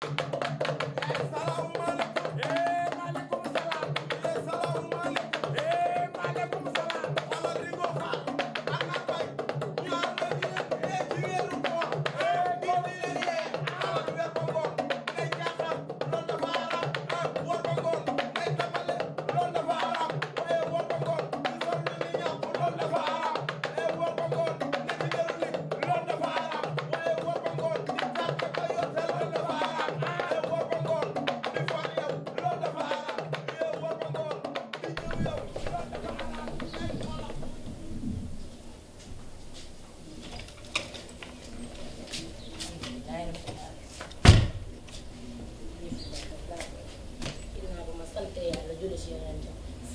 Thank you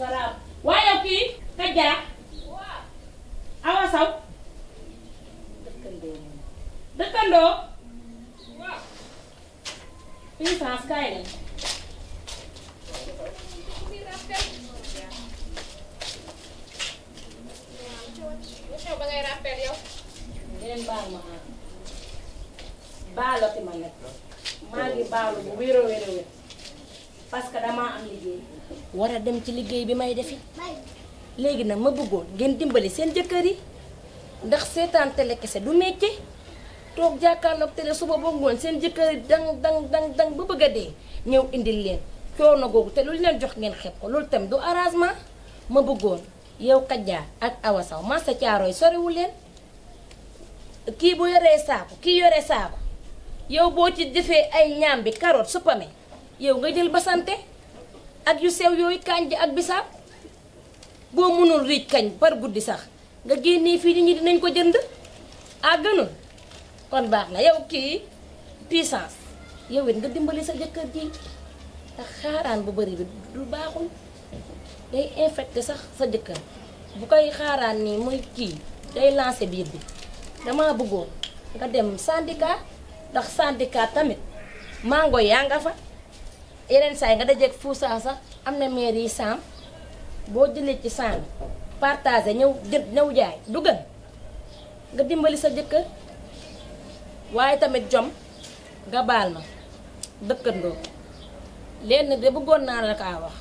salaam waaye yow kii awa saw dëkkandoo puissance kaay leen ba ngay rappel yow ngeen baal ah. parce que damaa am war a dem ci liggéey bi may defi léegi nag ma bëggoon ngeen dimbali seen jëkkër yi ndax seetaan télé kese du métier toog jàkkaarloog télé suba ba ngoon seen jëkkër yi dang dang dang dang ba bëgg a dee ñëw indil leen coono googu te lu leen jox ngeen xeeb ko loolu tam du arrangement ma bëggoon yow Kaja ak awasaw Saw marché yi soriwul leen kii bu yoree saako kii yoree saako yow boo ci defee ay ñaam bi carotte su yow nga jël basante ak yu sew yooyu kànja ak bisab bo mënul riij kañ par guddi sax nga génnee fi nit ñi dinañ ko jënd ah kon baax na yow ki puissance yow nga dimbali sa jëkkeer ji ta xaaraan bu bari bi du baaxul day infecté sax sa jëkkeer bu koy xaaraan ni moy ki day lancer biir bi dama bëggoon nga dem syndicat ndax syndicat tamit mango yaa nga fa yeneen saa yi nga dajeeg Foussa sax am na mair yi saam boo jëlee ci saam partagé ñëw jënd ñëw jaay du gën nga dimbali sa jëkkër waaye tamit jom nga baal ma dëkkandoo lenn de bëggoon naa la kaa wax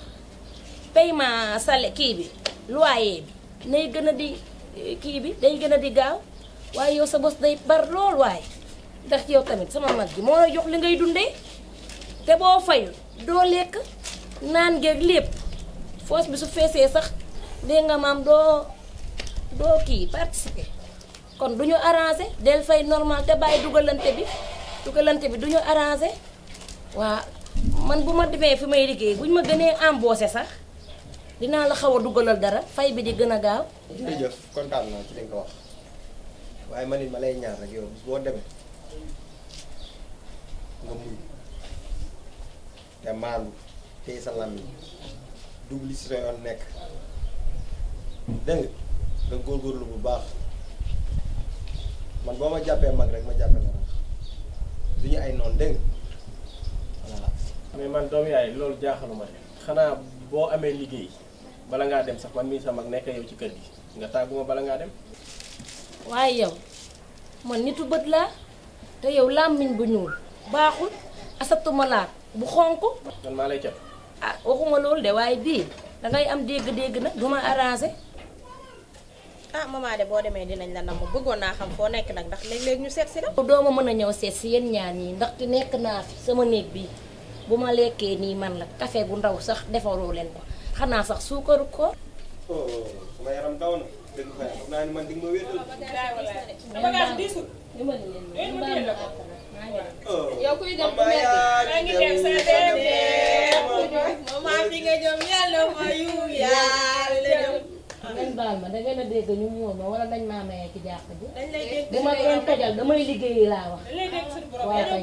paiement sale kii bi loyer bi nay gën a di kii bi day gën a di gaaw waaye yow sa bos day bar lool waaye ndax yow tamit sama mag gi moo la jox li ngay dundee te boo fayul doo lekk naan geeg lépp foos bi su feesee sax dégg nga maam doo doo kii participer kon duñu ñu del fay normal te bàyyi dugalante bi dugalante bi du ñu waa man bu ma demee fi may liggéey bu ñu ma gënee embauché sax dinaa la xaw a dugalal dara fay bi di gën a gaaw. jërëjëf kontaan naa ci waaye man it ma lay ñaar rek yow boo demee te maandu téye sa làmmiñ dugg li si sa yoon nekk dégg nga góorgóorlu bu baax man boo ma jàppee mag rek ma jàppee mag ñu ay noon dégg voilà. mais man doom yaay loolu jaaxaluma de xanaa boo amee liggéey bala ngaa dem sax ma mii mag nekk yow ci kër gi nga tàgguma bala ngaa dem. waaye yow man nitu bët laa te yow làmmiñ bu ñuul baaxul asatuma laat bu xonq man maa lay cat ah waxuma loolu de waaye bii dangay am dégg-dégg nag du ma arrangé ah maman de boo demee dinañ la namm bëggoon naa xam foo nekk nag ndax léeg-léeg ñu seet si doo ma mën a ñëw seet si yéen ñaar ndax ndaxte nekk naa fi sama néeg bi bu ma lekkee nii man la café bu ndaw sax defaroo leen ko xanaa sax suukaru koor oh, sama yow kuy dem bu metti maa ngi dem sa bébé mama ma nga jëm yàlla mayu ma da ngeen a dégg ñu muur ma wala dañ maa mayee ci jàpp ji bu ma doon tojal damay liggéeyi laa wax waaye kay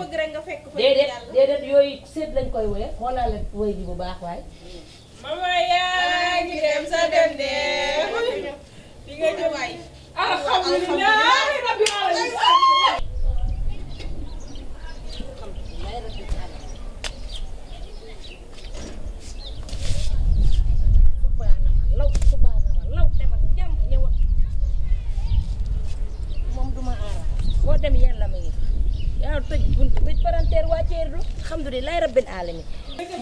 déedéet déedéet yooyu seet lañ koy woye moo naa ji bu baax waaye mama alhamdulilah rabbil alamin.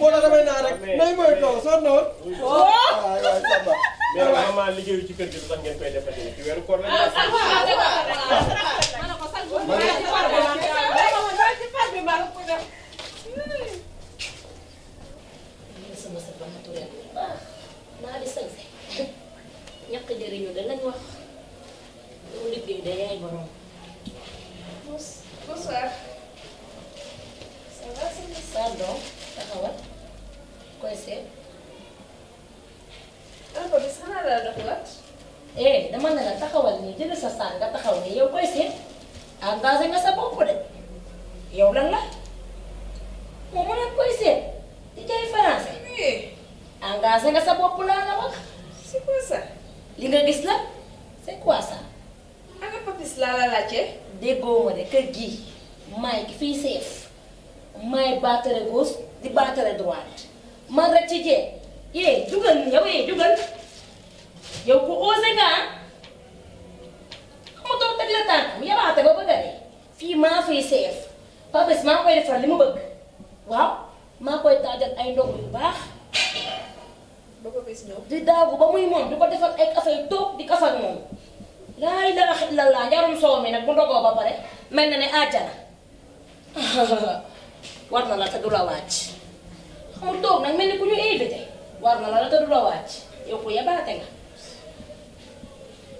boo la damay naa rek nay mooy toog soo noon. mais vraiment liggéeyu ci kër gi lu tax ngeen koy defati ci weeru koor la. la la doxuwaat eh dama ne la taxawal nii sa saal nga taxaw nii yow koy seet engagé nga sa bopp de yow lan la moom mën koy seet di jaay français. engagé nga sa bopp laa la wax. c'est quoi li nga gis la c'est quoi ça. ana papis laa la laajte. déggoo ma de kër gii maay ki fiy seef maay baatare gauche di baatare droite man rek ci jee yee dugal yow yow ku osé nga ah la tànk mu yabaate ba bëgg a fii maa fay seef Pape Bés maa koy li mu bëgg waaw maa koy taajal ay ndog yu baax. ba di daagu ba muy moom di ko defal ay kafe yu toog di kafal moom. laa ilaaha illallaah njarum nag bu ndogoo ba pare mel na ne àjjana war na la te du la wàcc xam nga toog nag mel ni ku ñu invité nga.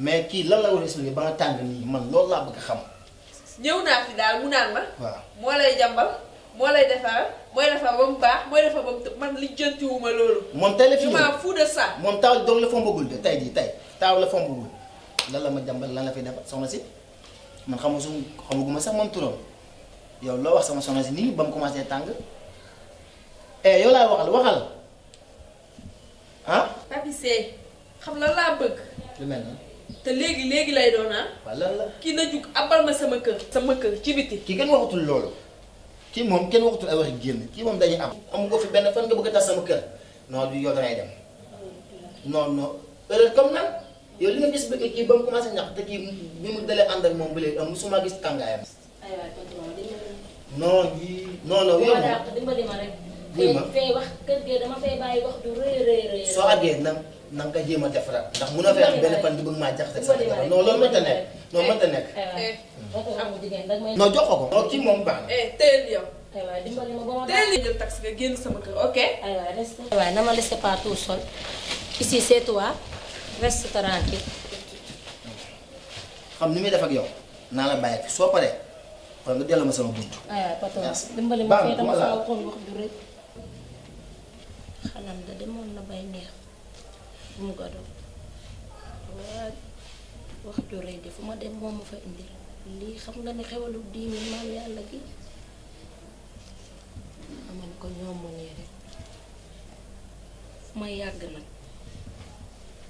mais ki lan la war a ni, ba nga tang ni man lool la bëgg xam. ñew na fi daal mu naan ma. mo lay jambal mo lay defal moy la fa mu baax moy la fa man li jëntiwuma lool mom tay la fi ma fou de ça. moom taaw dong la fombagul de tay di tay, taw la fombagul lan la ma jambal lan la fi defar soxna ci man xam su xamuguma sax mom turam yow lo wax sama soxna si nii commencé tang eh yow la waxal waxal ah. Papi c xam la la bëgg. lu mel te léegi léegi lay doon ah. la kii na jug abal ma sama kër. sama kër ci biti. kii kenn waxatul loolu kii moom kenn waxatul ay wax génn kii moom dañuy am. am nga fi benn fan nga bëgg a sama kër non du yow danay dem non gis bëgg kii ba mu commencé dalee ànd ak moom ba léegi am musuma gis tàngaayam. aywa non ma rek. ma wax kër gi dama fay bàyyi wax du rëy rëy soo àggee nag. Nang nga ko jéem a defaraat ndax munoo fexe benn fan di bëgg maa jaxase sama jabar non loolu mënta nekk non mënta nekk. Eh, eh, eh. non jox ko ko. non kii moom teel yow. aywa dimbali ma ba taxi sama kër ok. aywa rest. aywa na ma laisse pas tout seul ici c'est toi reste tranquille. xam ni muy def ak yow naa la bàyyi soo paree kon nga delloo ma sama buntu. aywa patron dimbali ma fee dama sama xol wax du rëy xanam da demoon na bay neex. bu mu gadoo waa wax ju rëy de fu ma dem moom ma fa indi lii xam nga ne xewalu diine maam yàlla gi aman ko ñoom mu nee fu ma yàgg nag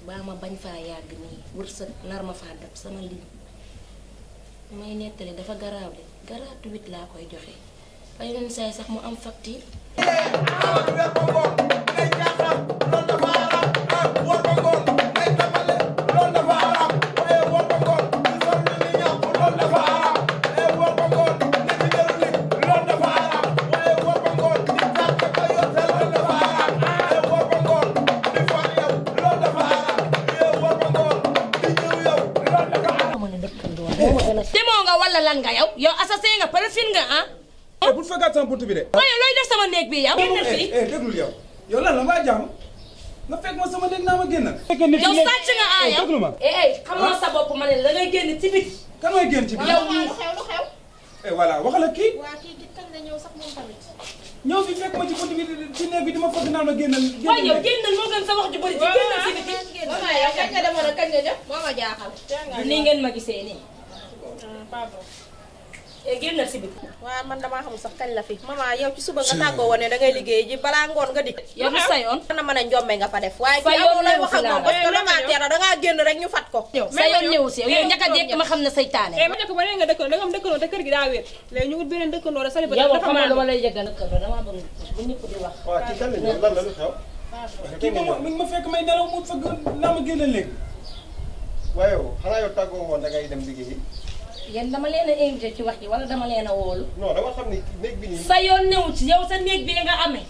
baa ma bañ faa yàgg nii wërsëg nar ma faa dab sama lim may nettali dafa garaaw laa koy joxe fay leen saay sax mu am facture ah, yow assassin nga parafin nga ah. eh fa fekkaat buntu bi de. waaye loy def sama neeg bi yow. génn fi eh déglul yow yo la la ma jam na fek mo sama neeg na ma genn yo sacc nga ah yow déglu ma. eh, eh xam nga ah. sa bop ma ne la ngay genn ci bit kan ngay genn ci bit yow xew lu xew. eh wala waxala ki wa ki kii kañ la ñëw sax moom tamit. ñëw fi fekk ma ci buntu bi ci néeg bi dama fokk naan ma génnal. génnal yow génnal moo gën sa wax ju bëri. ci génnal ci biti. waaw yow kañ nga demoon kañ nga jëm moo ma jaaxal. nii ngeen ma gisee nii. Ah, pardon. Eh, génnal si bi waaw man damaa xamul sax kañ la fi maman yow ci suba nga tàggoo woon ne dangay liggéey ji balaa ngoon nga dikk yow sa yoon na mën a njombe nga fa def waaye ci amul lay wax ak moom parce que lomantera dangaa génn rek ñu fat ko sa yoon ñëwu si yow ñaka jekk ma xam nga dëkkandoo danga te kër gi daa wér ñu wut beneen dëkkandoo rek saliba yow la la lu xew kii moom mi ngi fekk may nelaw mu fëgg naa ma génn léegi waaye yow xanaa yow tàggoo woon dangay dem liggéey yéen dama leen a ci wax ji wala dama leen a wóolu. bi sa yoon newu ci yow sa néeg bi nga amee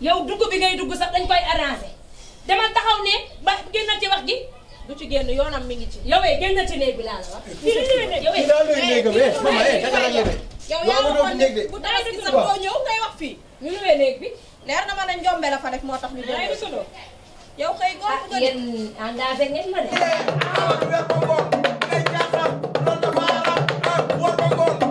yow dugg bi ngay dugg sax dañ koy arrangé dama taxaw ne ba génn ci wax ji du ci génn yoonam mi ngi ci. yow eh génn ci néeg bi laa la wax. yow eh, eh, eh yow yaa waxoon ne ngay wax fii. ñu luwee néeg bi. leer na ma ne njombe la fa def moo tax ñu jël yow kay góor ah, nga. ah yéen engagé ma de. What? What? What?